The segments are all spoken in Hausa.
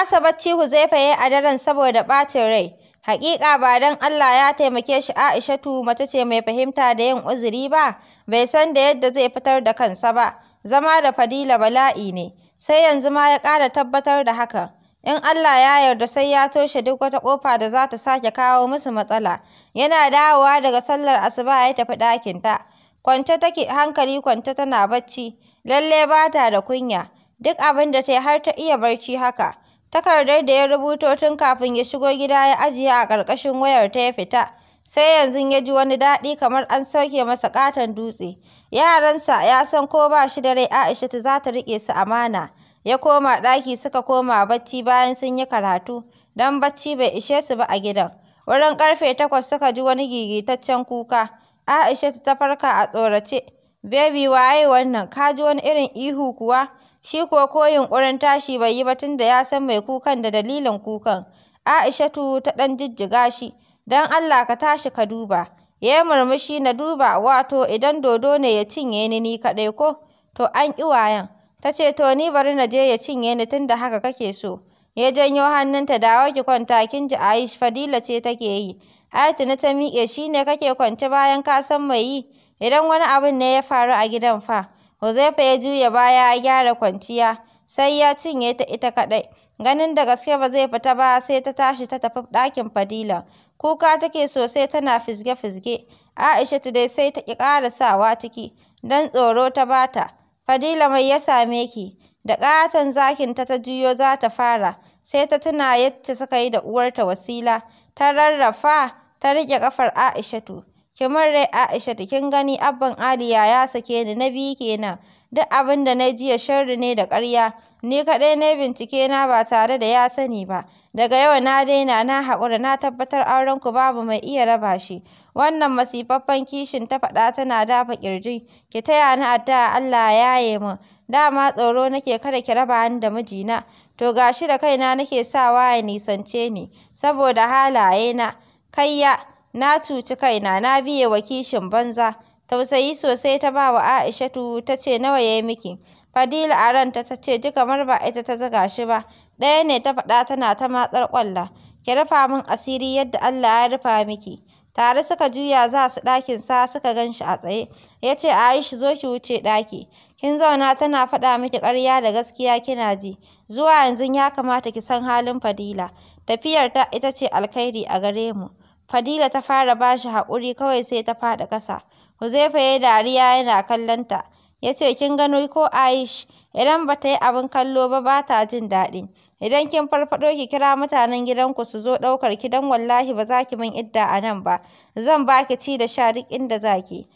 Kasa bacci Huzaifa ya yi a daren saboda ɓacin rai. Hakika ba don Allah ya taimake shi Aishatu mace ce mai fahimta da yin uzuri ba, bai san da yadda zai fitar da kansa ba. Zama da Fadila bala'i ne, sai yanzu ma ya ƙara tabbatar da hakan. In Allah ya yarda sai ya toshe duk wata ƙofa da za ta sake kawo musu matsala. Yana dawowa daga sallar asuba ya tafi ɗakinta. Kwance take hankali kwance tana bacci, lalle ba ta da kunya. Duk abin da ta yi har ta iya barci haka. Takardar da ya rubuto tun kafin ya shigo gida ya ajiye a ƙarƙashin wayar ta ya fita. Sai yanzu ya ji wani daɗi kamar an sauke masa ƙaton dutse. Yaransa ya san ko ba shi da rai Aishatu za ta riƙe su amana. Ya koma ɗaki suka koma bacci bayan sun yi karatu, don bacci bai ishe su ba a gidan. Wurin ƙarfe takwas suka ji wani gigitaccen kuka. Aisha ta farka a tsorace. "Bebi, waye wannan? Ka ji wani irin ihu kuwa? Shi kuwa ko yunƙurin tashi bai yi ba tun da ya san mai kukan da dalilin kukan. Aishatu ta ɗan jijjiga shi, don Allah ka tashi ka duba. Ya yi murmushi na duba, wato idan dodo ne ya cinye ni ni kaɗai ko? To an ƙi wayan. Ta ce to ni bari na je ya cinye ni tun da haka kake so. Ya janyo hannunta da ki kwanta kin ji Aish fadila ce take yi. na ta miƙe shi ne kake kwance bayan ka san mai yi. Idan wani abin ne ya faru a gidan fa. Huzaifa ya juya baya ya gyara kwanciya, sai ya cinye ta ita kaɗai. Ganin da gaske ba zai fita ba sai ta tashi ta tafi ɗakin Fadila. Kuka take sosai tana fizge-fizge. Aishatu dai sai ta ƙi sawa ciki, don tsoro ta bata. Fadila mai ya same ki? Da ƙaton zakin ta ta juyo za ta fara, sai ta tuna yadda suka yi da uwarta Wasila. Ta rarrafa, ta riƙe ƙafar Aishatu. kamar rai rai ta kin gani abban Aliya ya sake ni na biyu kenan. Duk abin da na jiya sharri ne da ƙarya. Ni kaɗai na bincike na ba tare da ya sani ba. Daga yau na daina na haƙura na tabbatar aurenku babu mai iya raba shi. Wannan masifaffan kishin ta faɗa tana dafa ƙirji. Ki taya ni addu'a Allah ya yaye min. Dama tsoro nake kada ki raba ni da mijina. To gashi da kaina nake sawa ya nisance ni saboda halaye na Kayya Na cuci kaina, na biye wa kishin banza. Tausayi sosai ta ba wa Aishatu ta ce nawa ya yi miki. Fadila a ranta ta ce ji kamar ba ita ta zaga shi ba. Ɗaya ne ta faɗa tana ta matsar ƙwalla. Ki rufa min asiri yadda Allah ya rufa miki. Tare suka juya za su ɗakin sa suka gan shi a tsaye. Ya ce Aisha zo ki wuce ɗaki. Kin zauna tana faɗa miki ƙarya da gaskiya kina ji. Zuwa yanzu ya kamata ki san halin Fadila. Tafiyarta ita ce alkhairi a gare mu. Fadila ta fara ba shi haƙuri kawai sai ta faɗi ƙasa. Huzaifa ya yi dariya yana kallon ta. Ya ce, kin gano ko Aish, idan ba ta yi abin kallo ba ba ta jin daɗi. Idan kin farfaɗo ki kira mutanen gidanku su zo ɗaukar ki don wallahi ba za ki min idda a nan ba. Zan ba ki ci da sha duk inda za ki.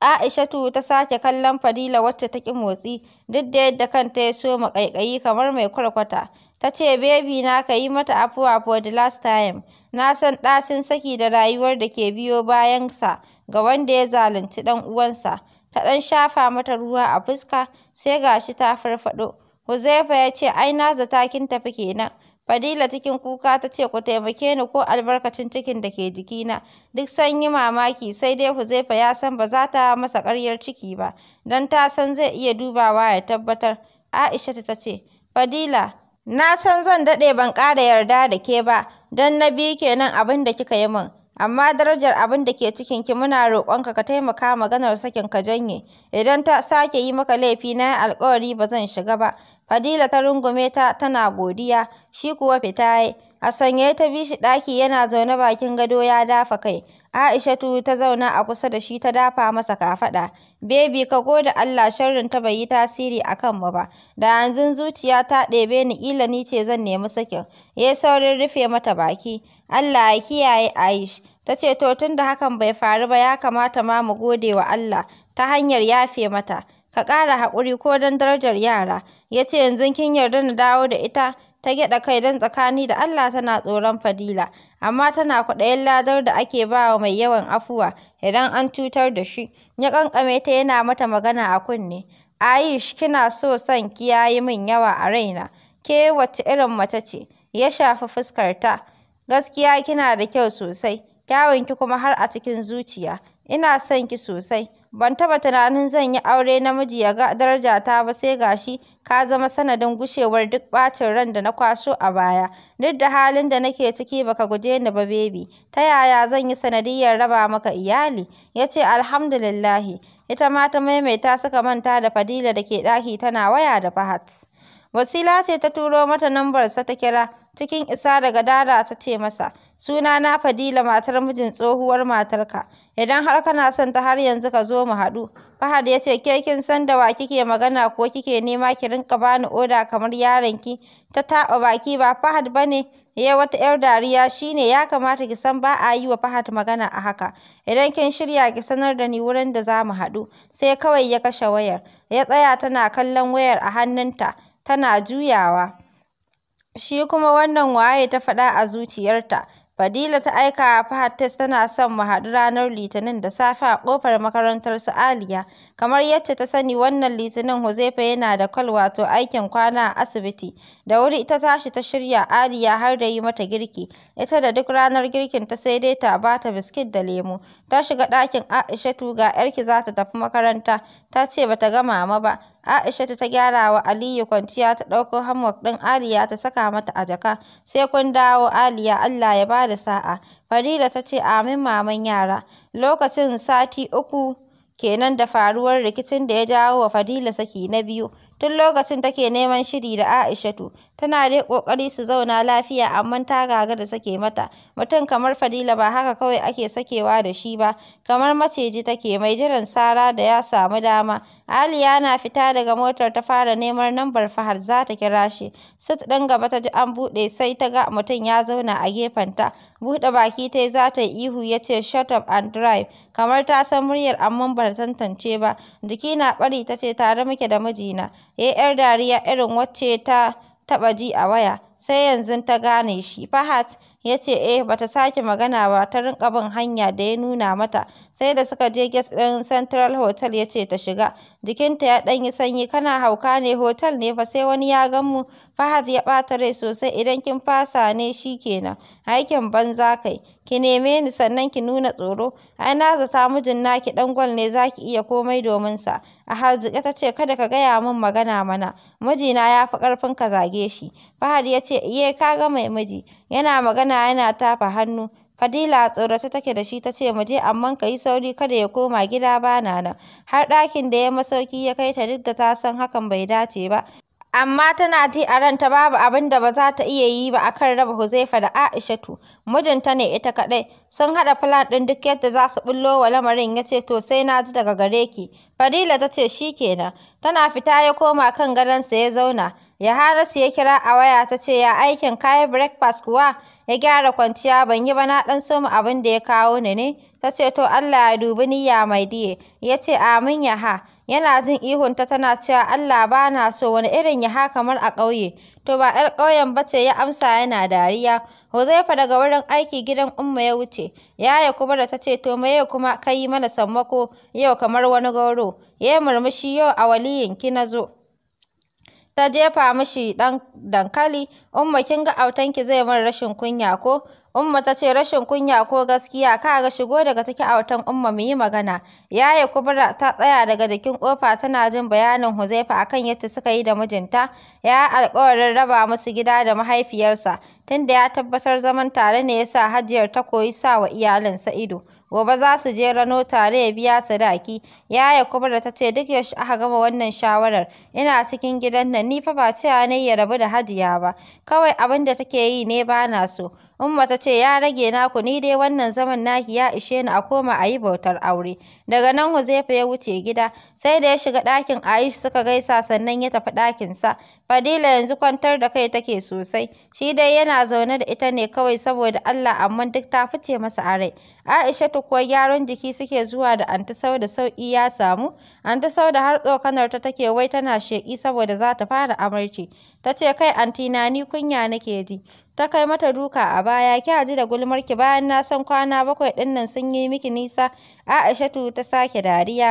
Aishatu ta sake kallon Fadila wacce ta ƙi motsi, duk da yadda kanta ya soma ƙaiƙayi kamar mai kwarkwata. Ta ce, Bebi na ka yi mata afuwa for the last time. Na san ɗacin saki da rayuwar da ke biyo bayansa ga wanda ya zalunci ɗan uwansa. Ta ɗan shafa mata ruwa a fuska, sai gashi ta farfaɗo. Huzaifa ya ce, ai na zata kin tafi kenan. Fadila cikin kuka ta ce ku taimake ni ko albarkacin cikin da ke jikina. Duk sanyi yi mamaki sai dai Huzaifa ya san ba za ta masa karyar ciki ba, don ta san zai iya dubawa ya tabbatar. Aisha ta ce, Fadila, na san zan daɗe ban ƙara yarda da ke ba, don na biyu kenan abin da kika yi min. amma darajar abin da ke cikinki muna roƙonka ka taimaka maganar sakin ka janye idan ta sake yi maka laifi na alƙawari ba zan shiga ba Fadila ta rungume ta tana godiya, shi kuwa fita ya yi. A sanye ta bi shi ɗaki yana zaune bakin gado ya dafa kai. Aisha Aishatu ta zauna a kusa da shi ta dafa masa kafaɗa. Baby ka gode Allah sharrin ta bai yi tasiri a mu ba. Da yanzu zuciya ta ɗebe ni ila ni ce zan nemi sakin. Ya saurin rufe mata baki. Allah ya kiyaye Aish. Ta ce to tunda hakan bai faru ba ya kamata ma mu gode wa Allah ta hanyar yafe mata. ka ƙara haƙuri ko don darajar yara. Ya ce yanzu kin yarda na dawo da ita? Ta gyaɗa kai don tsakani da Allah tana tsoron Fadila, amma tana kwaɗayin ladar da ake ba wa mai yawan afuwa idan an cutar da shi. Ya ƙanƙame ta yana mata magana a kunne. Aish kina so son ki ya yi min yawa a raina. Ke wacce irin mace ce? Ya shafi ta Gaskiya kina da kyau sosai, kyawunki kuma har a cikin zuciya. Ina son ki sosai. Ban taɓa tunanin zan yi aure namiji ya ga darajata ba sai gashi ka zama sanadin gushewar duk ɓacin ran da na kwaso a baya. Duk da halin da nake ciki baka guje ni ba bebi Ta yaya zan yi sanadiyyar raba maka iyali? Ya ce alhamdulillahi. Ita ma ta maimaita suka manta da Fadila da ke ɗaki tana waya da Fahad. Wasila ce ta turo mata nambarsa ta kira. Cikin isa daga dada ta ce masa, suna na Fadila matar mijin tsohuwar matarka, idan har kana son ta har yanzu ka zo mu haɗu. Fahad ya ce ke kin san da wa kike magana ko kike nema ki rinka bani oda kamar yaron ki ta taɓa baki ba Fahad bane ya wata yar dariya shine ya kamata ki san ba a yi wa Fahad magana a haka idan kin shirya ki sanar da ni wurin da za mu haɗu sai kawai ya kashe wayar ya tsaya tana kallon wayar a hannunta tana juyawa Shi kuma wannan waye ta faɗa a zuciyarta. Fadila ta aika wa Fahad text tana son mu haɗu ranar Litinin da safe a ƙofar makarantar su Aliya. Kamar yadda ta sani wannan Litinin Huzaifa yana da kwal wato aikin kwana a asibiti. Da wuri ita tashi ta shirya Aliya har da yi mata girki. Ita da duk ranar girkin ta sai dai ta bata biskit da lemo. Ta shiga ɗakin Aishatu ga ‘yarki za ta tafi makaranta. Ta ce ba ta ga mama ba. Aishatu ta gyara wa Aliyu kwanciya ta ɗauko hammock ɗin Aliya ta saka mata a jaka. Sai kun dawo Aliya Allah ya bada sa'a. Farida ta ce amin maman yara. Lokacin sati uku kenan da faruwar rikicin da ya jawo wa Fadila saki na biyu. Tun lokacin take neman shiri da Aishatu Tana dai ƙoƙari su zauna lafiya amma ta gaga da sake mata. Mutum kamar Fadila ba haka kawai ake sakewa da shi ba, kamar maciji take mai jiran sara da ya samu dama. Aliya na fita daga motar ta fara neman lambar Fahad za ta kira shi. Sit ɗin gaba ta ji an buɗe sai ta ga mutum ya zauna a gefenta. Buɗe baki ta za ta yi ihu ya ce shut up and drive. Kamar ta san muryar amma ba ta tantance ba. Jiki na bari ta ce tare muke da mijina. Ya 'yar dariya irin wacce ta taɓa ji a waya, sai yanzu ta gane shi. Fahad ya ce eh bata sake magana ba ta rinka bin hanya da ya nuna mata sai da suka je gate ɗin Central Hotel ya ce ta shiga jikinta ya ɗan yi sanyi kana hauka ne hotel ne fa sai wani ya gan mu Fahad ya ɓata rai sosai idan kin fasa ne shi kenan aikin banza kai ki neme ni sannan ki nuna tsoro ai na zata mijin naki ɗan gwal ne zaki iya komai domin sa a harzuƙe ta ce kada ka gaya min magana mana mijina ya fi ƙarfin ka zage shi Fahad ya ce iye ka ga mai miji yana magana zauna yana tafa hannu. Fadila a tsorace take da shi ta ce, mu je amman ka yi sauri kada ya koma gida ba na nan. Har ɗakin da ya masauki ya kai ta duk da ta san hakan bai dace ba. amma tana ji a ranta babu abin da ba za ta iya yi ba akan raba Huzaifa da Aishatu mijinta ne ita kaɗai sun haɗa plan ɗin duk yadda za su ɓullo wa lamarin ya ce to sai na ji daga gare ki Fadila ta ce shi kenan. tana fita ya koma kan gadonsa ya zauna Yahanasu ya kira a waya ta ce ya aikin kayan breakfast kuwa ya gyara kwanciya ban yi ba na ɗan soma abin da ya kawo ni ne ta ce to Allah ya dubi niyya mai diye ya ce amin ya ha yana jin ihun ta tana cewa Allah ba na so wani irin ya ha kamar a ƙauye to ba 'yar ƙauyen ba ce ya amsa yana dariya Huzaifa daga wurin aiki gidan Umma ya wuce yaya kuma da ta ce to me kuma kai mana sammako yau kamar wani gauro ya murmushi yau a waliyin ki na zo ta jefa mishi dan dankali, Umma kin ga autanki zai min rashin kunya ko? Umma ta ce rashin kunya ko gaskiya ka ga shigo daga ciki autan Umma mu yi magana. Yaya Kubra ta tsaya daga jikin kofa tana jin bayanin Huzaifa akan yadda suka yi da mijinta, ya alƙawarin raba musu gida da mahaifiyarsa, tunda ya tabbatar zaman tare ne yasa Hajiyar ta koyi sa wa iyalinsa ido. Gobe za su je Rano tare ya biya sadaki. Yaya da ta ce duk yaushe aka gama wannan shawarar ina cikin gidan nan ni fa ba cewa ne ya rabu da Hajiya ba. Kawai abin da take yi ne ba na so. Umma ta ce ya rage naku ni dai wannan zaman naki ya ishe ni a koma a yi bautar aure. Daga nan Huzaifa ya wuce gida sai da ya shiga ɗakin Aisha suka gaisa sannan ya tafi ɗakinsa. Fadila yanzu kwantar da kai take sosai. Shi dai yana zaune da ita ne kawai saboda Allah amma duk ta fice masa a rai. Aisha kuwa gyaran jiki suke zuwa da Anti da sauƙi ya samu. Anti da har tsokanar ta take wai tana sheƙi saboda za ta fara amarci. Ta ce kai anti na ni kunya nake ji. ta kai mata duka a baya ki ji da gulmarki bayan na san kwana bakwai ɗin nan sun yi miki nisa Aishatu ta sake dariya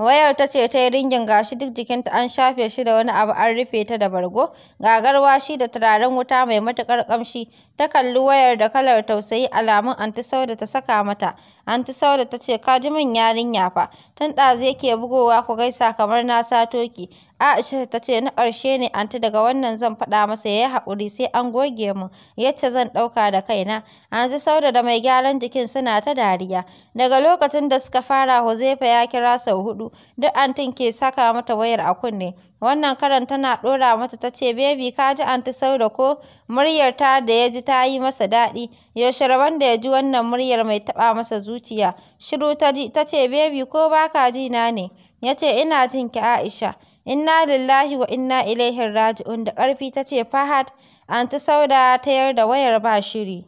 wayar ta ce ta yi ringin gashi duk jikinta an shafe shi da wani abu an rufe ta da bargo gagarwa shi da turaren wuta mai matuƙar ƙamshi ta kalli wayar da kalar tausayi alamun anti Sauda ta saka mata. Anti Sauda ta ce, ka ji min yarinya fa, tun ɗazu yake bugowa ku gaisa kamar na sato ki. Aisha ta ce, na ƙarshe ne anti daga wannan zan faɗa masa ya yi haƙuri sai an goge mu, yacce zan ɗauka da kaina. Anti Sauda da mai gyaran jikin suna ta dariya. Daga lokacin da suka fara Huzaifa ya kira sau huɗu, duk antin ke saka mata wayar a kunne. Wannan karan tana ɗora mata ta ce, Baby, ka ji Anti Sauda ko? Muryar ta da ya ji ta yi masa daɗi. Yaushe rabon da ya ji wannan muryar mai taɓa masa zuciya. Shiru ta ji, ta ce, Baby, ko ba ka ji na ne? Ya ce, Ina jin ki Aisha. Inna lillahi wa inna ilaihi raji'un da ƙarfi ta ce, Fahad, Anti Sauda ta da wayar ba shiri.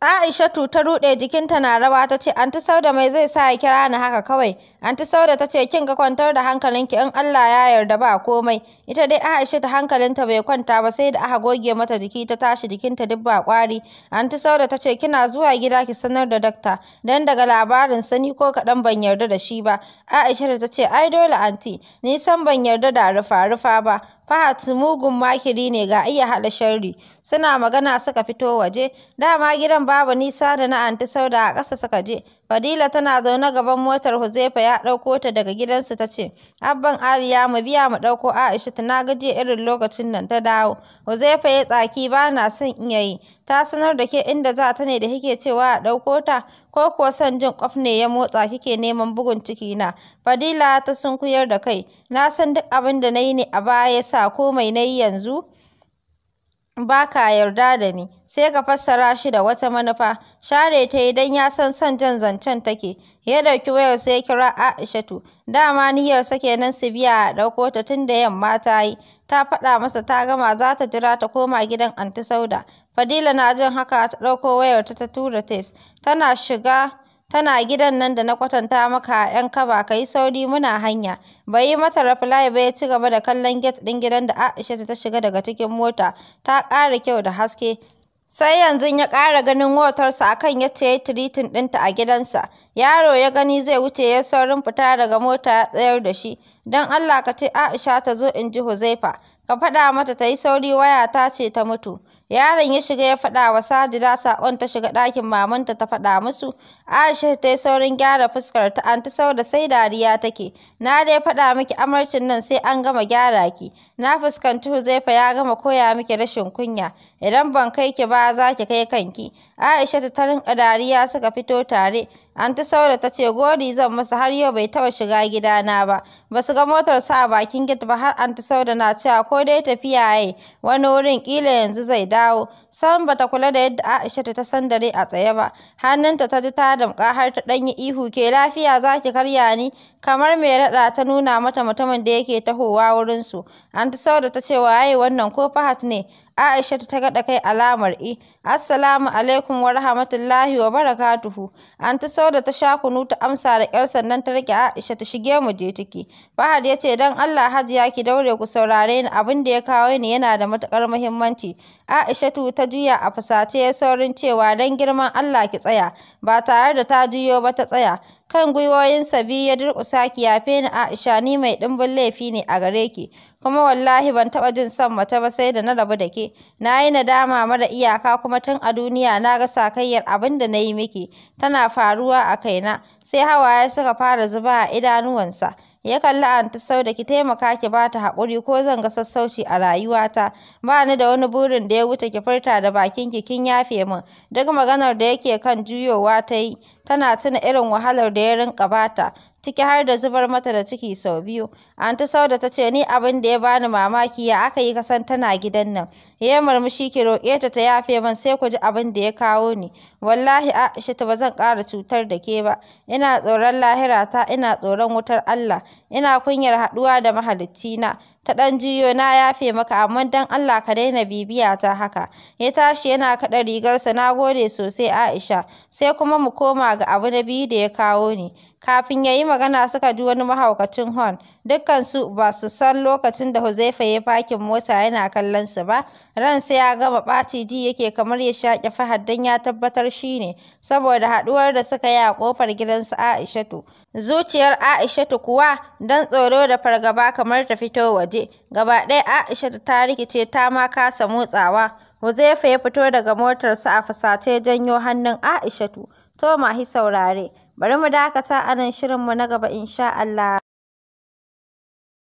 Aishatu ta ruɗe jikinta na rawa ta ce, Anti Sauda mai zai sa ya kira ni haka kawai. Anti Sauda ta ce, kin ga kwantar da hankalinki in Allah ya yarda ba komai. Ita dai Aisha ta hankalinta bai kwanta ba sai da aka goge mata jiki ta tashi jikinta duk ba kwari. Anti Sauda ta ce, kina zuwa gida ki sanar da dakta. Dan daga labarin sani ko kaɗan ban yarda da shi ba. Aisha ta ce, ai dole anti, ni san ban yarda da rufa-rufa ba. Fahad mugun makiri ne ga iya haɗa sharri. Suna magana suka fito waje. Dama gidan babu nisa da na anti Sauda a ƙasa suka je. Fadila tana zaune gaban motar Huzaifa ya ɗauko ta daga gidansu ta ce, Abban Aliya mu biya mu ɗauko Aisha na gaji irin lokacin nan ta dawo. Huzaifa ya tsaki ba na son iya yi. Ta sanar da ke inda za ta ne da kike cewa a ɗauko ta ko kuwa son jin ƙwaf ne ya motsa kike neman bugun ciki na. Fadila ta sunkuyar da kai. Na san duk abin da na yi ne a baya ya sa komai na yi yanzu. ba ka yarda da ni, sai ka fassara shi da wata manufa. Share ta yi ya san son jan zancen take. Ya ɗauki wayar sai ya kira Aishatu. Dama niyyarsa kenan su biya a ɗauko ta tun da yamma ta yi. Ta faɗa masa ta gama za ta jira ta koma gidan Anti Sauda. Fadila na jin haka ta ɗauko wayarta ta tura tes. Tana shiga tana gidan nan da na kwatanta maka a 'yan kaba ka yi sauri muna hanya. Bai yi mata reply ba ya ci gaba da kallon gate din gidan da Aisha ta shiga daga cikin mota, ta ƙara kyau da haske. Sai yanzu ya ƙara ganin motarsa a kan yadda ya yi tiritin ɗinta a gidansa. Yaro ya gani zai wuce ya saurin fita daga mota ya tsayar da shi. Don Allah ka ce Aisha ta zo in ji Huzaifa. Ka faɗa mata ta yi sauri waya ta ce ta mutu. Yaron ya shiga ya faɗa wa Sadira saƙon ta shiga ɗakin mamanta ta faɗa musu. Aisha ta yi saurin gyara fuskar ta anti Sauda sai dariya take. Na dai faɗa miki amarcin nan sai an gama gyara ki. Na fuskanci Huzaifa ya gama koya miki rashin kunya. idan ban kai ki ba za ki kai kanki Aisha ta rinƙa dariya suka fito tare An ta Saura ta ce gori zan musu har yau bai taba shiga gidana ba ba su ga motar sa bakin gate ba har an ta Saura na cewa ko dai tafiya yayi wani wurin kila yanzu zai dawo san bata kula da yadda Aisha ta san dare a tsaye ba hannunta ta ji ta damka har ta ɗanyi ihu ke lafiya za ki karya ni kamar mai raɗa ta nuna mata mutumin da yake tahowa wurinsu ta Saura ta ce waye wannan ko fahat ne Aishatu ta gada kai alamar i. E. Assalamu alaikum wa rahmatullahi wa barakatuhu. Anta Sauda ta sha kunu ta amsa da ƙyar sannan ta rike Aisha ta shige mu je take. Fahad ya ce dan Allah Hajiya ki daure ku saurare ni abin da ya kawo ni yana da matuƙar muhimmanci. Aishatu ta juya a fusace saurin cewa dan girman Allah ki tsaya ba tare da ta juyo ba ta tsaya. kan gwiwoyinsa biyu ya durƙusa ki yafe ni Aisha ni mai ɗimbin laifi ne a gare ki kuma wallahi ban taɓa jin son mace ba sai da na rabu da ke na yi nadama mara iyaka kuma tun a duniya na ga sakayyar abin da na yi miki tana faruwa a kaina sai hawaye suka fara zuba a idanuwansa ya kalli anti da ki taimaka ki ba ta haƙuri ko zan ga sassauci a rayuwata ba ni da wani burin da ya wuce ki furta da bakin ki kin yafe min duk maganar da yake kan juyowa ta yi tana tuna irin wahalar da ya rinka bata ciki har da zubar mata da ciki sau biyu. Anta Sauda ta ce ni abin da ya bani mamaki ya aka yi kasan tana gidan nan. Ya murmushi ki roƙe ta ta yafe man sai ku ji abin da ya kawo ni. Wallahi Aisha ta ba zan ƙara cutar da ke ba. Ina tsoron lahira ta ina tsoron wutar Allah. Ina kunyar haɗuwa da mahalicci na. ta ɗan jiyo na yafe maka amma dan Allah ka daina bibiya ta haka ya tashi yana kaɗa rigarsa na gode sosai Aisha sai kuma mu koma ga abu na biyu da ya kawo ni Kafin ya yi magana suka ji wani mahaukacin hon. Dukkansu ba su san lokacin da Huzaifa ya fakin mota yana kallon su ba. ran sai ya gama ɓaci ji yake kamar ya shaƙi Fahad don ya tabbatar shi ne, saboda haɗuwar da suka yi a ƙofar gidansu Aishatu. Zuciyar Aishatu kuwa don tsoro da fargaba kamar ta fito waje. Gaba ɗaya Aishatu ta rikice ta ma kasa motsawa. Huzaifa ya fito daga motarsa a fusace janyo hannun Aishatu. To hi saurare. Bari mu dakata a nan, shirinmu na gaba insha Allah.